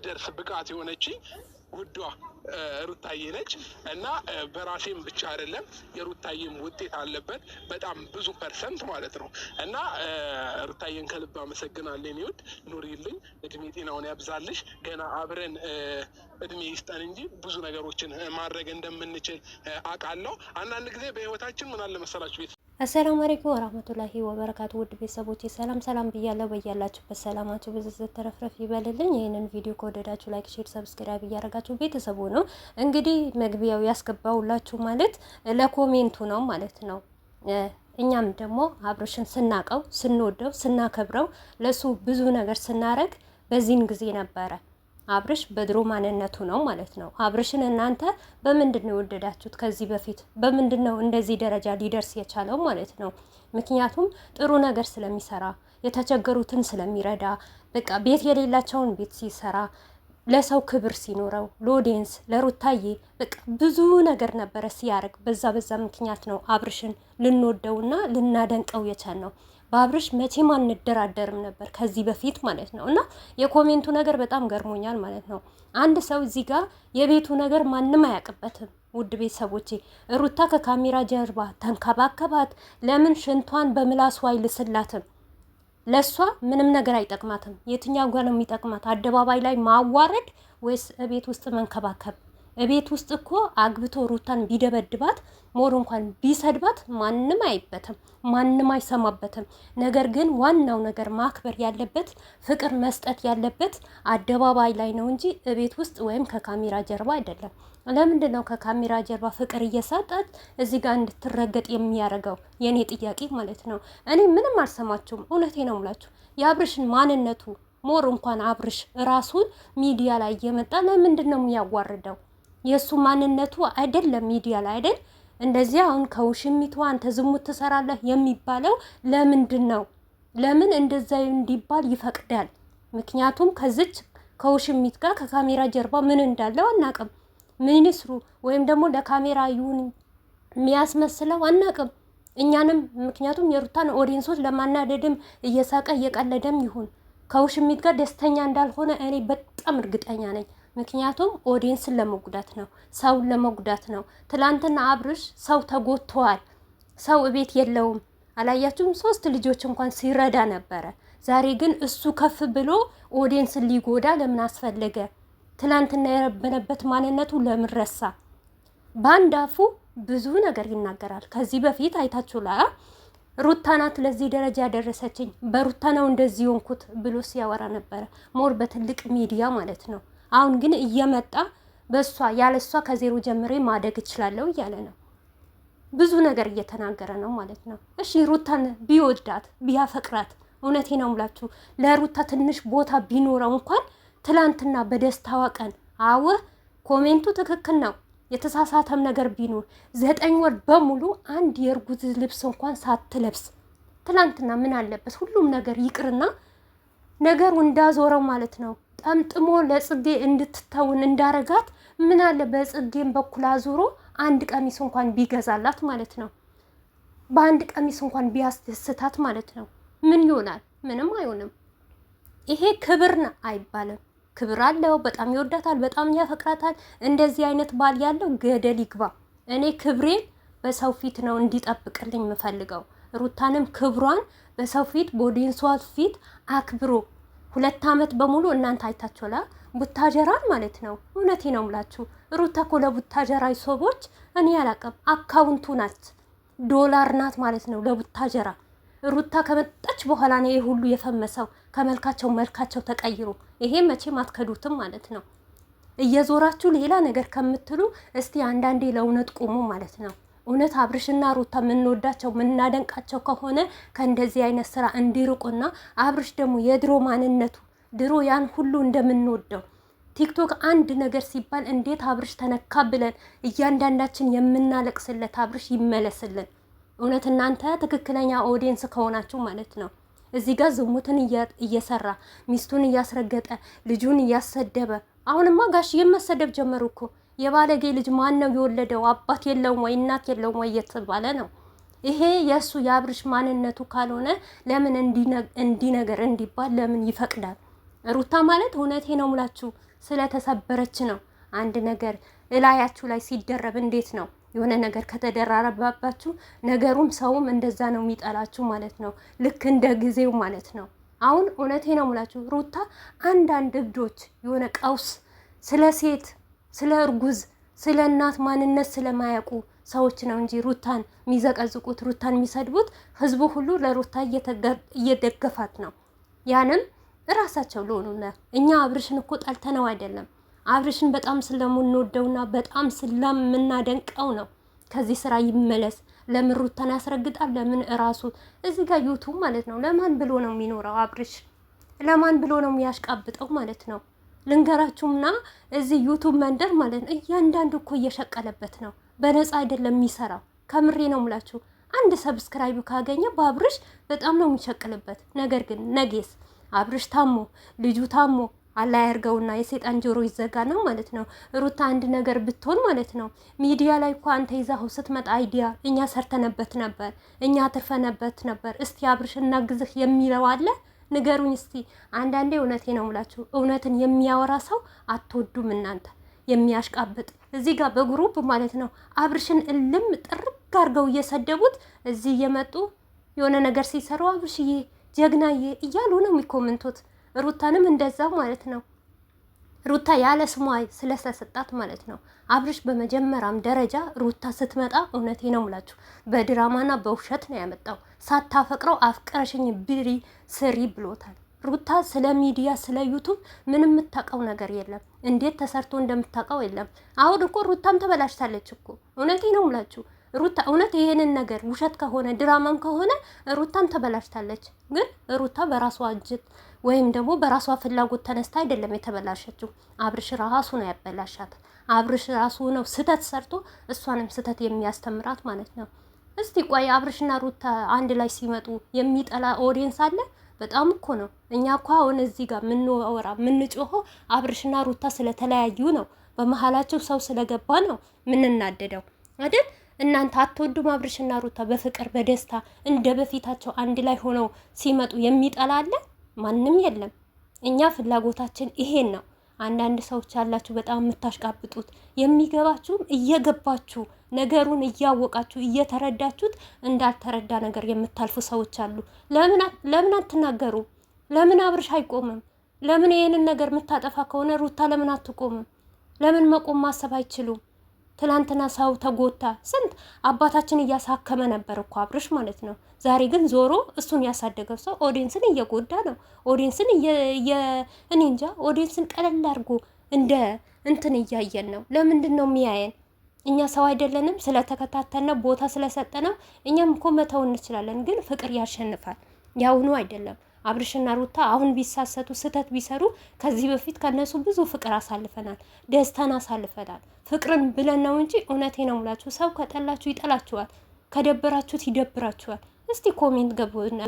የምትደርስ ብቃት የሆነች ውዷ ሩታዬ ነች እና በራሴም ብቻ አይደለም የሩታዬም ውጤት አለበት በጣም ብዙ ፐርሰንት ማለት ነው። እና ሩታዬን ከልብ አመሰግናለን። ይሁድ ኑሪልኝ፣ እድሜ ጤናውን ያብዛልሽ። ገና አብረን እድሜ ይስጠን እንጂ ብዙ ነገሮችን ማድረግ እንደምንችል አውቃለሁ። አንዳንድ ጊዜ በህይወታችን ምን አለ መሰላችሁ ቤት አሰላሙ አለይኩም ወራህመቱላሂ ወበረካቱ ውድ ቤተሰቦች ሰላም ሰላም ብያለሁ። በያላችሁበት ሰላማችሁ ብዙ ተረፍረፍ ይበልልኝ። ይህንን ቪዲዮ ከወደዳችሁ ላይክ፣ ሼር፣ ሰብስክራይብ እያደረጋችሁ ቤተሰቡ ነው እንግዲህ መግቢያው ያስገባውላችሁ ማለት ለኮሜንቱ ነው ማለት ነው። እኛም ደግሞ አብርሽን ስናቀው ስንወደው ስናከብረው ለሱ ብዙ ነገር ስናረግ በዚህን ጊዜ ነበረ አብርሽ በድሮ ማንነቱ ነው ማለት ነው። አብርሽን እናንተ በምንድን ነው የወደዳችሁት? ከዚህ በፊት በምንድን ነው እንደዚህ ደረጃ ሊደርስ የቻለው ማለት ነው? ምክንያቱም ጥሩ ነገር ስለሚሰራ፣ የተቸገሩትን ስለሚረዳ፣ በቃ ቤት የሌላቸውን ቤት ሲሰራ፣ ለሰው ክብር ሲኖረው፣ ሎዴንስ ለሩታዬ በቃ ብዙ ነገር ነበረ ሲያደርግ። በዛ በዛ ምክንያት ነው አብርሽን ልንወደውና ልናደንቀው የቻል ነው። በአብርሽ መቼም አንደራደርም ነበር ከዚህ በፊት ማለት ነው። እና የኮሜንቱ ነገር በጣም ገርሞኛል ማለት ነው። አንድ ሰው እዚህ ጋር የቤቱ ነገር ማንም አያውቅበትም። ውድ ቤተሰቦቼ ሩታ ከካሜራ ጀርባ ተንከባከባት። ለምን ሽንቷን በምላሱ አይልስላትም? ለእሷ ምንም ነገር አይጠቅማትም። የትኛው ጋር ነው የሚጠቅማት? አደባባይ ላይ ማዋረድ ወይስ ቤት ውስጥ መንከባከብ? እቤት ውስጥ እኮ አግብቶ ሩታን ቢደበድባት ሞር እንኳን ቢሰድባት ማንም አይበትም፣ ማንም አይሰማበትም። ነገር ግን ዋናው ነገር ማክበር ያለበት ፍቅር መስጠት ያለበት አደባባይ ላይ ነው እንጂ እቤት ውስጥ ወይም ከካሜራ ጀርባ አይደለም። ለምንድን ነው ከካሜራ ጀርባ ፍቅር እየሰጣት እዚህ ጋር እንድትረገጥ የሚያደርገው? የእኔ ጥያቄ ማለት ነው። እኔ ምንም አልሰማችሁም። እውነቴ ነው የምላችሁ የአብርሽን ማንነቱ ሞር እንኳን አብርሽ ራሱን ሚዲያ ላይ እየመጣ ለምንድን ነው የሚያዋርደው? የእሱ ማንነቱ አይደለም ሚዲያ ላይ አይደል? እንደዚህ አሁን ከውሽሚቷ አንተ ዝሙት ትሰራለህ የሚባለው ለምንድን ነው? ለምን እንደዛ እንዲባል ይፈቅዳል? ምክንያቱም ከዚች ከውሽሚት ጋር ከካሜራ ጀርባ ምን እንዳለው አናቅም። ሚኒስትሩ ወይም ደግሞ ለካሜራ ይሁን የሚያስመስለው አናቅም። እኛንም ምክንያቱም የሩታን ኦዲንሶች ለማናደድም እየሳቀ እየቀለደም ይሁን ከውሽሚት ጋር ደስተኛ እንዳልሆነ እኔ በጣም እርግጠኛ ነኝ። ምክንያቱም ኦዲየንስን ለመጉዳት ነው፣ ሰውን ለመጉዳት ነው። ትላንትና አብርሽ ሰው ተጎድተዋል፣ ሰው እቤት የለውም አላያችሁም? ሶስት ልጆች እንኳን ሲረዳ ነበረ። ዛሬ ግን እሱ ከፍ ብሎ ኦዲየንስን ሊጎዳ ለምን አስፈለገ? ትላንትና የረበነበት ማንነቱ ለምን ረሳ? በአንድ አፉ ብዙ ነገር ይናገራል። ከዚህ በፊት አይታችሁ ላ ሩታ ናት ለዚህ ደረጃ ያደረሰችኝ በሩታ ነው እንደዚህ ሆንኩት ብሎ ሲያወራ ነበረ። ሞር በትልቅ ሚዲያ ማለት ነው። አሁን ግን እየመጣ በእሷ ያለ እሷ ከዜሮ ጀምሬ ማደግ እችላለሁ እያለ ነው። ብዙ ነገር እየተናገረ ነው ማለት ነው። እሺ ሩታን ቢወዳት ቢያፈቅራት፣ እውነቴ ነው ምላችሁ ለሩታ ትንሽ ቦታ ቢኖረው እንኳን ትላንትና በደስታዋ ቀን አወ ኮሜንቱ ትክክል ነው። የተሳሳተም ነገር ቢኖር ዘጠኝ ወር በሙሉ አንድ የእርጉዝ ልብስ እንኳን ሳትለብስ ትላንትና ምን አለበት? ሁሉም ነገር ይቅርና ነገሩ እንዳዞረው ማለት ነው። ጠምጥሞ ለጽጌ እንድትተውን እንዳረጋት ምን አለ በጽጌን በኩል አዙሮ አንድ ቀሚስ እንኳን ቢገዛላት ማለት ነው። በአንድ ቀሚስ እንኳን ቢያስደስታት ማለት ነው። ምን ይሆናል? ምንም አይሆንም። ይሄ ክብር ነው አይባልም። ክብር አለው። በጣም ይወዳታል፣ በጣም ያፈቅራታል። እንደዚህ አይነት ባል ያለው ገደል ይግባ። እኔ ክብሬን በሰው ፊት ነው እንዲጠብቅልኝ የምፈልገው። ሩታንም ክብሯን በሰው ፊት በኦዲየንሷ ፊት አክብሮ ሁለት ዓመት በሙሉ እናንተ አይታችኋላ ቡታጀራን ማለት ነው። እውነቴ ነው ምላችሁ ሩታ እኮ ለቡታጀራ እኔ አላቀም አካውንቱ ናት ዶላር ናት ማለት ነው ለቡታጀራ ሩታ ከመጣች በኋላ ነው ይህ ሁሉ የፈመሰው። ከመልካቸው መልካቸው ተቀይሮ ይሄ መቼም አትከዱትም ማለት ነው። እየዞራችሁ ሌላ ነገር ከምትሉ እስቲ አንዳንዴ ለእውነት ቁሙ ማለት ነው። እውነት አብርሽና ሩታ የምንወዳቸው የምናደንቃቸው ከሆነ ከእንደዚህ አይነት ስራ እንዲርቁና አብርሽ ደግሞ የድሮ ማንነቱ ድሮ ያን ሁሉ እንደምንወደው ቲክቶክ አንድ ነገር ሲባል እንዴት አብርሽ ተነካ ብለን እያንዳንዳችን የምናለቅስለት አብርሽ ይመለስልን። እውነት እናንተ ትክክለኛ ኦዲየንስ ከሆናችሁ ማለት ነው። እዚህ ጋር ዝሙትን እየሰራ ሚስቱን እያስረገጠ ልጁን እያሰደበ አሁንማ ጋሽዬን መሰደብ ጀመሩ እኮ የባለጌ ልጅ ማን ነው የወለደው? አባት የለውም ወይ እናት የለውም ወይ እየተባለ ነው። ይሄ የእሱ የአብርሽ ማንነቱ ካልሆነ ለምን እንዲነገር እንዲባል ለምን ይፈቅዳል? ሩታ ማለት እውነቴ ነው ሙላችሁ ስለተሰበረች ነው። አንድ ነገር እላያችሁ ላይ ሲደረብ እንዴት ነው የሆነ ነገር ከተደራረባባችሁ ነገሩም ሰውም እንደዛ ነው የሚጠላችሁ ማለት ነው። ልክ እንደ ጊዜው ማለት ነው። አሁን እውነቴ ነው ሙላችሁ ሩታ አንዳንድ እብዶች የሆነ ቀውስ ስለ ሴት ስለ እርጉዝ፣ ስለ እናት ማንነት ስለማያውቁ ሰዎች ነው እንጂ ሩታን የሚዘቀዝቁት ሩታን የሚሰድቡት ህዝቡ ሁሉ ለሩታ እየደገፋት ነው። ያንም እራሳቸው ለሆኑና እኛ አብርሽን እኮ ጣልተነው አይደለም። አብርሽን በጣም ስለምንወደውና በጣም ስለምናደንቀው ነው። ከዚህ ስራ ይመለስ። ለምን ሩታን ያስረግጣል? ለምን እራሱ እዚህ ጋር ዩቱብ ማለት ነው። ለማን ብሎ ነው የሚኖረው አብርሽ? ለማን ብሎ ነው የሚያሽቃብጠው ማለት ነው? ልንገራችሁምና እዚህ ዩቱብ መንደር ማለት ነው እያንዳንዱ እኮ እየሸቀለበት ነው። በነፃ አይደለም የሚሰራው። ከምሬ ነው ምላችሁ አንድ ሰብስክራይብ ካገኘ በአብርሽ በጣም ነው የሚሸቅልበት። ነገር ግን ነጌስ አብርሽ ታሞ ልጁ ታሞ ያርገውና የሴጣን ጆሮ ነው ማለት ነው። ሩታ አንድ ነገር ብትሆን ማለት ነው ሚዲያ ላይ እኮ አንተ ይዛሁ ስትመጣ አይዲያ እኛ ሰርተነበት ነበር፣ እኛ አትርፈነበት ነበር፣ እስቲ አብርሽ እናግዝህ የሚለው አለ ንገሩኝ እስቲ። አንዳንዴ እውነቴ ነው ምላችሁ፣ እውነትን የሚያወራ ሰው አትወዱም እናንተ። የሚያሽቃብጥ እዚህ ጋር በግሩፕ ማለት ነው አብርሽን እልም ጥርግ አርገው እየሰደቡት እዚህ እየመጡ የሆነ ነገር ሲሰሩ አብርሽዬ ጀግናዬ እያሉ ነው የሚኮምንቱት። ሩታንም እንደዛው ማለት ነው። ሩታ ያለ ስሟ ስለተሰጣት ማለት ነው። አብርሽ በመጀመሪያም ደረጃ ሩታ ስትመጣ እውነቴ ነው ሙላችሁ በድራማና በውሸት ነው ያመጣው። ሳታፈቅረው አፍቀረሽኝ ብሪ ስሪ ብሎታል። ሩታ ስለ ሚዲያ ስለ ዩቱብ ምንም የምታውቀው ነገር የለም። እንዴት ተሰርቶ እንደምታውቀው የለም። አሁን እኮ ሩታም ተበላሽታለች እኮ እውነቴ ነው ሙላችሁ ሩታ እውነት ይሄንን ነገር ውሸት ከሆነ ድራማም ከሆነ ሩታም ተበላሽታለች። ግን ሩታ በራሷ እጅት ወይም ደግሞ በራሷ ፍላጎት ተነስታ አይደለም የተበላሸችው። አብርሽ ራሱ ነው ያበላሻት። አብርሽ ራሱ ነው ስህተት ሰርቶ እሷንም ስህተት የሚያስተምራት ማለት ነው። እስቲ ቆይ አብርሽና ሩታ አንድ ላይ ሲመጡ የሚጠላ ኦዲየንስ አለ? በጣም እኮ ነው። እኛ እኮ አሁን እዚህ ጋር የምንወራ የምንጮኸው አብርሽና ሩታ ስለተለያዩ ነው፣ በመሀላቸው ሰው ስለገባ ነው የምንናደደው አይደል? እናንተ አትወዱም አብርሽና ሩታ በፍቅር በደስታ እንደ በፊታቸው አንድ ላይ ሆነው ሲመጡ የሚጠላ አለ? ማንም የለም። እኛ ፍላጎታችን ይሄን ነው። አንዳንድ ሰዎች ያላችሁ በጣም የምታሽቃብጡት የሚገባችሁም እየገባችሁ ነገሩን እያወቃችሁ እየተረዳችሁት እንዳልተረዳ ነገር የምታልፉ ሰዎች አሉ። ለምን አትናገሩም? ለምን አብርሽ አይቆምም? ለምን ይህንን ነገር የምታጠፋ ከሆነ ሩታ ለምን አትቆምም? ለምን መቆም ማሰብ አይችሉም? ትላንትና ሰው ተጎታ። ስንት አባታችን እያሳከመ ነበር እኮ አብርሽ ማለት ነው። ዛሬ ግን ዞሮ እሱን ያሳደገው ሰው ኦዲንስን እየጎዳ ነው። ኦዲንስን እኔ እንጃ፣ ኦዲንስን ቀለል አድርጎ እንደ እንትን እያየን ነው። ለምንድን ነው የሚያየን? እኛ ሰው አይደለንም? ስለተከታተልነው ቦታ ስለሰጠነው እኛም እኮ መተው እንችላለን። ግን ፍቅር ያሸንፋል። ያውኑ አይደለም አብርሽና ሩታ አሁን ቢሳሰቱ ስህተት ቢሰሩ ከዚህ በፊት ከነሱ ብዙ ፍቅር አሳልፈናል፣ ደስታን አሳልፈናል። ፍቅርን ብለን ነው እንጂ እውነቴ ነው ሙላችሁ ሰው ከጠላችሁ ይጠላችኋል፣ ከደበራችሁት ይደብራችኋል። እስቲ ኮሜንት ገቡ።